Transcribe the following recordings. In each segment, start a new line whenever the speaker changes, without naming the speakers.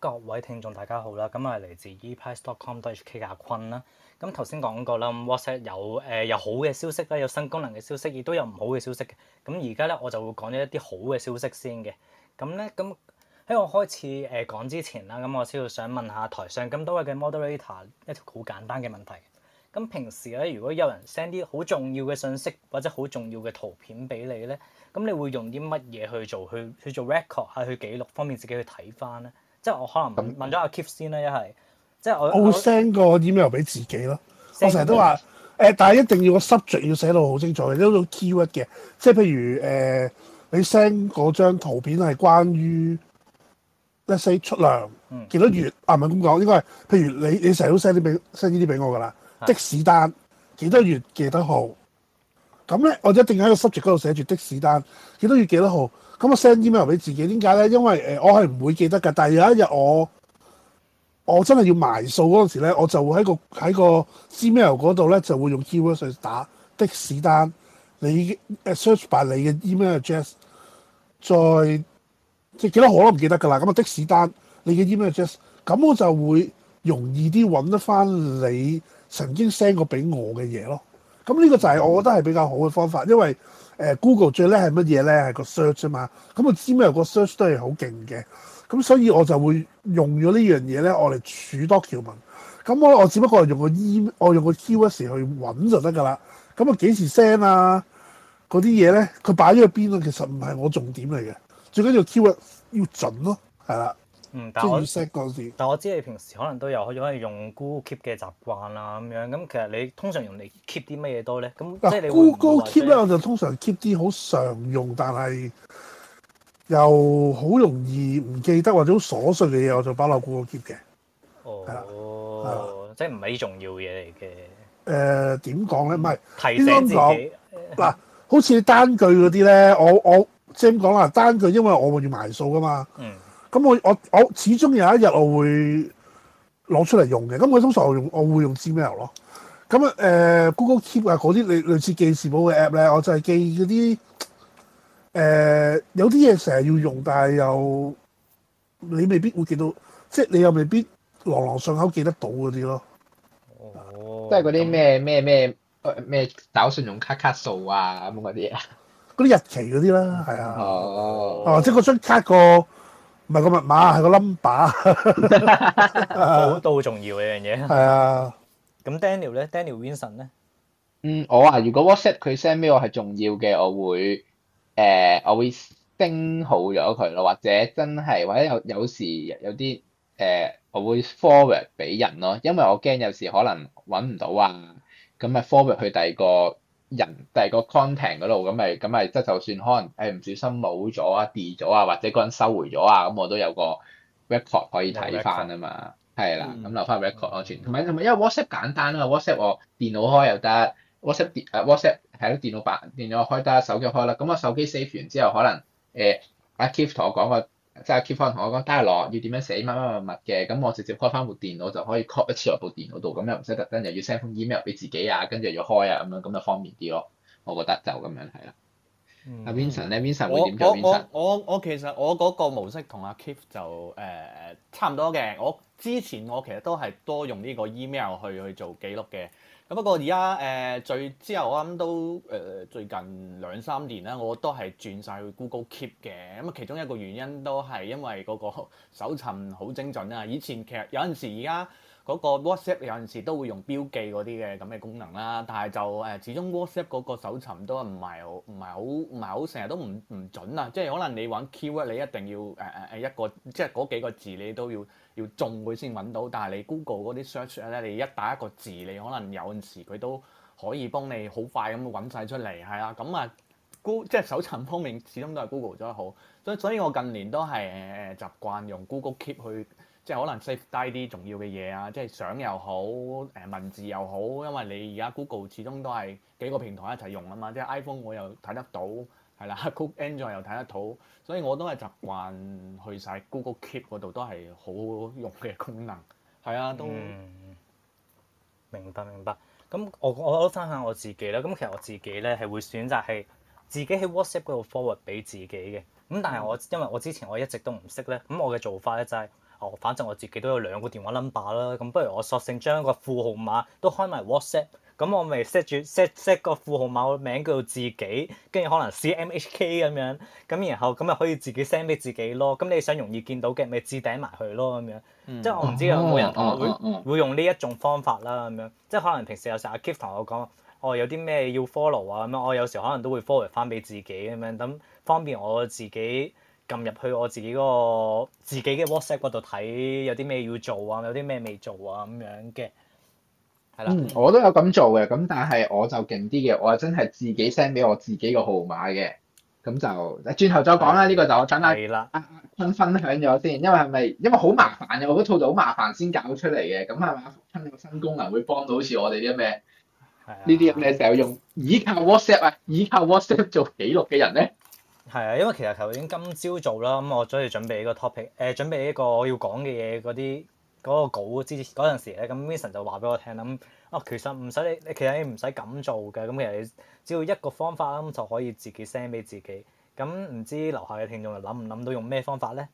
各位聽眾大家好啦，咁係嚟自 ePrice.com.hk 嘅阿坤啦。咁頭先講過啦，WhatsApp 有誒有好嘅消息啦，有新功能嘅消息，亦都有唔好嘅消息嘅。咁而家咧，我就會講咗一啲好嘅消息先嘅。咁咧，咁喺我開始誒講之前啦，咁我先要想問下台上咁多位嘅 moderator 一條好簡單嘅問題。咁平時咧，如果有人 send 啲好重要嘅信息或者好重要嘅圖片俾你咧，咁你會用啲乜嘢去做去去做 record 啊去記錄，方便自己去睇翻咧？即係我可能、嗯、問咗阿 Kif 先啦，一係即係我。我 send
個 email 俾自己咯。個我成日都話誒、呃，但係一定要個 subject 要寫到好清楚，都有種 keyword 嘅。即係譬如誒、呃，你 send 嗰張圖片係關於 let’s say 出糧幾多月、嗯、啊？唔係咁講，應該係譬如你你成日都 send 啲俾 send 呢啲俾我㗎啦。的士單幾多月幾多號咁咧？我就一定喺個 subject 嗰度寫住的士單幾多月幾多號咁，我 send email 俾自己點解咧？因為誒、呃、我係唔會記得㗎，但係有一日我我真係要埋數嗰陣時咧，我就會喺個喺個 email 嗰度咧就會用 keywords 去打的士單，你 search by 你嘅 email address，再即係幾多號都唔記得㗎啦。咁啊的士單你嘅 email address，咁我就會容易啲揾得翻你。曾經 send 過俾我嘅嘢咯，咁呢個就係我覺得係比較好嘅方法，因為誒、呃、Google 最叻係乜嘢咧？係個 search 啫嘛，咁啊，知咩過個 search 都係好勁嘅，咁所以我就會用咗呢樣嘢咧，我嚟儲多條文，咁我我只不過用個 email 我用個 keyword 去揾就得㗎啦，咁啊幾時 send 啊嗰啲嘢咧，佢擺咗喺邊咯，其實唔係我重點嚟嘅，最緊要 keyword 要準咯，係啦。嗯，但係我，
我知你平時可能都有可以用 Google Keep 嘅習慣啦、啊、咁樣。咁其實你通常用嚟 keep 啲乜嘢多咧？咁、啊、即係 Google Keep 咧，
我就通常 keep 啲好常用但係又好容易唔記得或者好瑣碎嘅嘢，我就擺留 Google Keep 嘅。
哦，即係唔係重要嘢嚟嘅？
誒點講咧？唔係提醒自己嗱，好似 單據嗰啲咧，我我即係咁講啊，單據因為我會要埋數噶嘛。嗯。咁、嗯、我我我始終有一日我會攞出嚟用嘅。咁、嗯、我通常我用我會用 Gmail 咯。咁、嗯、啊誒、嗯、Google Keep 啊嗰啲類類似記事簿嘅 app 咧，我就係記嗰啲誒有啲嘢成日要用，但係又你未必會記到，即係你又未必朗朗上口記得得到嗰啲咯。哦，即係嗰啲咩
咩咩誒咩找信用卡卡數啊咁嗰啲啊，
嗰啲日期嗰啲啦，係啊。哦，哦，即係嗰張卡個。唔係個密碼，係個 number，
都好重要嘅樣嘢。係啊，咁 Daniel 咧，Daniel Vincent 咧，
嗯，我話如果 WhatsApp 佢 send 俾我係重要嘅，我會誒我會叮好咗佢咯，或者真係或者有有時有啲誒我會 forward 俾人咯，因為我驚有時可能揾唔到啊，咁咪 forward 去第二個。人第個 contact 嗰度咁咪咁咪即係就算可能誒唔小心冇咗啊跌咗啊或者個人收回咗啊咁我都有個 record 可以睇翻啊嘛係啦咁留翻 record 安全同埋同埋因為 WhatsApp 簡單啊嘛 WhatsApp 我電腦開又得 WhatsApp 電、呃、WhatsApp 係都電腦版電腦開得手機開啦咁我手機 save 完之後可能誒阿、呃、Keith 同我講個。即係 Keep 同我講 download 要點樣寫乜乜乜乜嘅，咁我直接開翻部電腦就可以 copy 一次落部電腦度，咁又唔使特登又要 send 封 email 俾自己啊，跟住又要開啊咁樣，咁就方便啲咯。我覺得就咁樣係啦。阿、嗯啊、Vincent 咧，Vincent 會點做
Vincent？我我，我，我其實我嗰個模式同阿 Keep 就誒、呃、差唔多嘅。我之前我其實都係多用呢個 email 去去做記錄嘅。咁不過而家誒最之後，我諗都誒、呃、最近兩三年啦，我都係轉晒去 Google Keep 嘅。咁其中一個原因都係因為嗰個搜尋好精準啊。以前其實有陣時而家。嗰個 WhatsApp 有陣時都會用標記嗰啲嘅咁嘅功能啦，但係就誒始終 WhatsApp 嗰個搜尋都唔係唔係好唔係好成日都唔唔準啊！即係可能你玩 Q e 你一定要誒誒誒一個即係嗰幾個字你都要要中佢先揾到，但係你 Google 嗰啲 search 咧你一打一個字你可能有陣時佢都可以幫你好快咁揾晒出嚟，係啦咁啊，Go 即係搜尋方面始終都係 Google 得好，所以所以我近年都係誒誒習慣用 Google Keep 去。即係可能 save 低啲重要嘅嘢啊，即係相又好，誒文字又好，因為你而家 Google 始終都係幾個平台一齊用啊嘛，即係 iPhone 我又睇得到，係啦，Google Android 又睇得到，所以我都係習慣去晒 Google Keep 嗰度，都係
好用嘅功能。係啊，都明白、嗯、明白。咁我我都分享我自己啦。咁其實我自己咧係會選擇係自己喺 WhatsApp 嗰度 forward 俾自己嘅。咁但係我因為我之前我一直都唔識咧，咁我嘅做法咧就係、是。哦，反正我自己都有兩個電話 number 啦，咁不如我索性將個副號碼都開埋 WhatsApp，咁我咪 set 住 set set 個副號碼個名叫做自己，跟住可能 C M H K 咁樣，咁然後咁咪可以自己 send 俾自己咯，咁你想容易見到嘅咪置頂埋去咯咁樣，嗯、即係我唔知有冇人同會、啊啊啊啊、會用呢一種方法啦咁樣，即係可能平時有時阿 Kif 同我講，哦有啲咩要 follow 啊咁樣，我、哦、有時可能都會 follow 翻俾自己咁樣，等方便我自己。撳入去我自己嗰個自己嘅 WhatsApp 度睇有啲咩要做啊，有啲咩未做啊咁樣嘅，係啦、嗯，我
都有咁做嘅。咁但係我就勁啲嘅，我係真係自己 send 俾我自己個號碼嘅，咁就轉頭再講啦，呢的個就我等下、啊、分的、啊、分享咗先，因為係咪因為好麻煩嘅，我嗰套就好麻煩先搞出嚟嘅，咁係咪趁呢個新功能會幫到好似我哋啲咩呢啲咁嘅時候用依靠 WhatsApp 啊依靠 WhatsApp 做記錄嘅人
咧？係啊，因為其實頭先今朝做啦，咁我早啲準備呢個 topic，誒、呃、準備呢個我要講嘅嘢嗰啲嗰個稿，之前嗰陣時咧，咁 Vincent 就話俾我聽啦，咁哦其實唔使你，其實你唔使咁做嘅，咁其實你只要一個方法啦，咁就可以自己 send 俾自己。咁唔知樓下嘅聽眾又諗唔諗到用咩方法咧？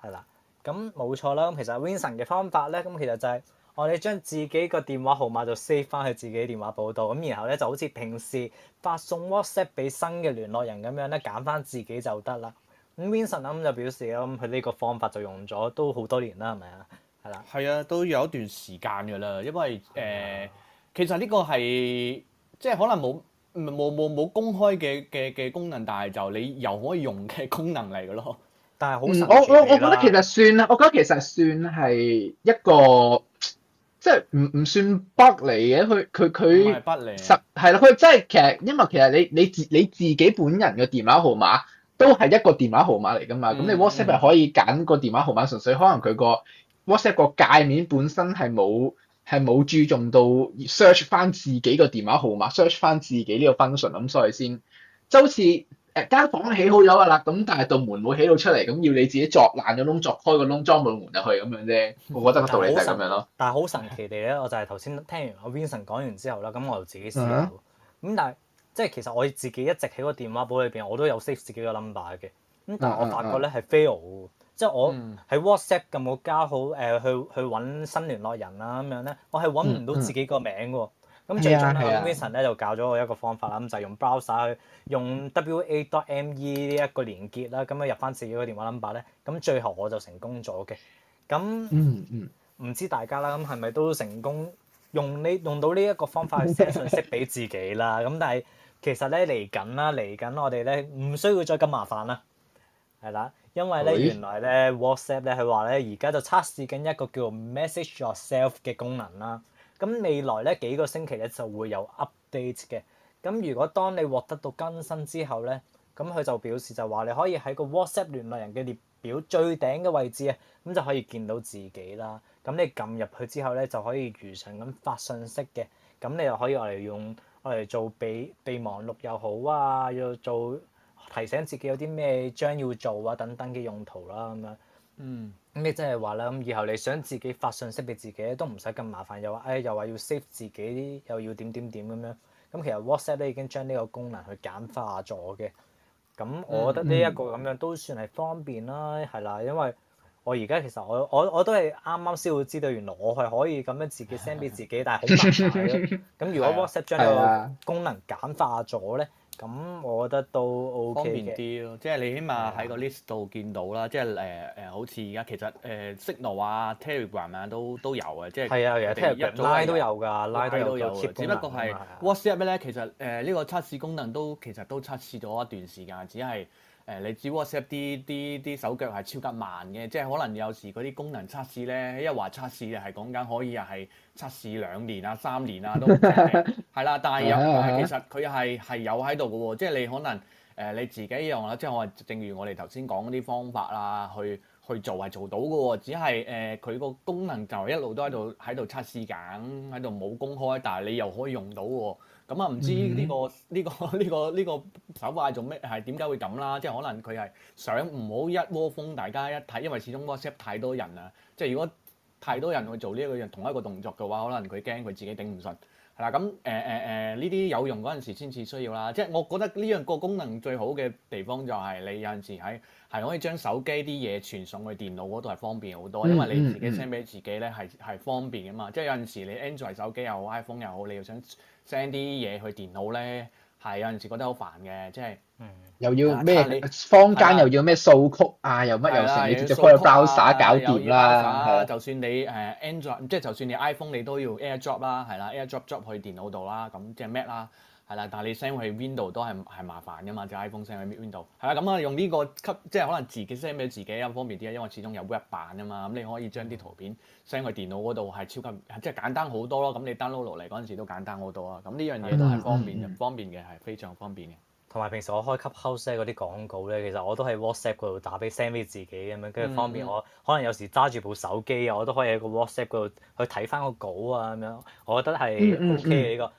係啦，咁冇錯啦，咁其實 Vincent 嘅方法咧，咁其實就係、是。我哋將自己個電話號碼就 save 翻去自己電話簿度，咁然後咧就好似平時發送 WhatsApp 俾新嘅聯絡人咁樣咧，揀翻自己就得啦。咁 Vincent 咁就表示啦，咁佢呢個方法就用咗都好多年啦，係咪啊？係啦。係啊，都有一段時間㗎啦，因為誒的、呃，其
實呢個係即係可能冇冇冇冇公開嘅嘅嘅功能，但係就你又可以用嘅功能嚟㗎咯。但係好，我我我覺得其
實算啦，我覺得其實算係一個。嗯即係唔唔算北嚟嘅，佢佢佢實係啦，佢即係其實，因為其實你你自你自己本人嘅電話號碼都係一個電話號碼嚟㗎嘛，咁、嗯、你 WhatsApp 係、嗯、可以揀個電話號碼，純粹可能佢個 WhatsApp 個界面本身係冇係冇注重到 search 返自己個電話號碼，search 返自己呢個 function 咁，所以先就好似。誒間房起好咗啊啦，咁但係道門冇起到出嚟，咁要你自己作爛咗窿，作開個窿，裝部門
入去咁樣啫。我覺得個道理就係咁樣咯。但係好神奇地咧，我就係頭先聽完阿 Vincent 講完之後咧，咁我就自己試下。咁、uh huh. 但係即係其實我自己一直喺個電話簿裏邊，我都有 save 自己個 number 嘅。咁但係我發覺咧係 fail，即係我喺 WhatsApp 咁我加好誒、呃、去去揾新聯絡人啦、啊。咁樣咧，我係揾唔到自己個名喎。Uh huh. 啊。
咁最終咧，Vincent
咧就教咗我一個方法啦，咁的就用 browser 去用 wa.me 呢一個連結啦，咁啊入翻自己個電話 number 咧，咁最後我就成功咗嘅。咁、嗯、唔、嗯嗯、知大家啦，咁係咪都成功用呢用到呢一個方法去寫信息俾自己啦？咁 但係其實咧嚟緊啦，嚟緊我哋咧唔需要再咁麻煩啦，係啦，因為咧喂原來咧 WhatsApp 咧佢話咧而家就測試緊一個叫 message yourself 嘅功能啦。咁未來咧幾個星期咧就會有 update 嘅，咁如果當你獲得到更新之後咧，咁佢就表示就話你可以喺個 WhatsApp 聯絡人嘅列表最頂嘅位置啊，咁就可以見到自己啦。咁你撳入去之後咧就可以如常咁發信息嘅，咁你又可以嚟用嚟做備備忘錄又好啊，要做提醒自己有啲咩將要做啊等等嘅用途啦咁樣，嗯。咁你即係話啦，咁以後你想自己發信息俾自己都唔使咁麻煩，又話，哎，又話要 save 自己，又要點點點咁樣。咁其實 WhatsApp 咧已經將呢個功能去簡化咗嘅。咁我覺得呢一個咁樣都算係方便啦，係啦、嗯嗯，因為。我而家其實我我我都係啱啱先會知道，原來我係可以咁樣自己 send 俾自己，但係好難嘅。咁 如果 WhatsApp 將個功能簡化咗咧，咁 我覺得都 O K 嘅。方便啲
咯，即係你起碼喺個 list 度見到啦。即係誒誒，好似而家其實誒、呃、Signal 啊、Telegram 啊都都有啊，即係係啊，其實 Telegram 拉一都有㗎，拉都有，都有功只不過係 WhatsApp 咧，其實誒呢、呃呢個測試功能都其實都測試咗一段時間，只係。誒，你隻 WhatsApp 啲啲啲手腳係超級慢嘅，即係可能有時嗰啲功能測試咧，一話測試就係講緊可以又係測試兩年啊、三年啊都係啦， 但係有 其實佢係係有喺度嘅喎，即係你可能誒、呃、你自己用啦，即係我正如我哋頭先講嗰啲方法啊，去。去做係做到嘅喎、哦，只係誒佢個功能就一路都喺度喺度測試緊，喺度冇公開，但係你又可以用到喎、哦。咁啊、這個，唔知呢個呢、這個呢、這個呢、這個手法係做咩係點解會咁啦？即係可能佢係想唔好一窩蜂大家一睇，因為始終 WhatsApp 太多人啦。即係如果太多人去做呢個同一個動作嘅話，可能佢驚佢自己頂唔順。係啦，咁誒誒誒，呢、嗯、啲、嗯、有用嗰陣時先至需要啦。即係我覺得呢樣個功能最好嘅地方就係、是、你有陣時喺係可以將手機啲嘢傳送去電腦嗰度係方便好多，因為你自己 send 俾自己咧係係方便㗎嘛。即係有陣時你 Android 手機又好，iPhone 又好，你又想 send 啲嘢去電腦咧。係有陣時覺得好煩嘅，即係
又要咩、啊、坊間又要咩數曲的啊，又乜又成，你直接開個 browser、啊啊、搞掂啦。的就
算你誒、uh, Android，即係的就算你 iPhone，你都要 AirDrop 啦，係啦，AirDrop drop 去電腦度啦，咁即係 Mac 啦。但係你 send 去 Window 都係係麻煩噶嘛，即 iPhone send 去 Window 係啊，咁啊用呢個即係可能自己 send 俾自己啊，方便啲啊，因為始終有 web 版啊嘛，咁、嗯、你可以將啲圖片 send 去電腦嗰度係超級即係簡單好多咯，咁、嗯嗯、你 download 落嚟嗰陣時都簡
單好多啊，咁、嗯、呢樣嘢都係方便嘅，方便嘅係非常方便嘅。同埋、嗯嗯、平時我開 cut house s 嗰啲廣告咧，其實我都喺 WhatsApp 嗰度打俾 send 俾自己咁樣，跟住方便我可能有時揸住部手機啊，我都可以喺個 WhatsApp 嗰度去睇返個稿啊咁樣，樣，我覺得係 OK 嘅呢個。嗯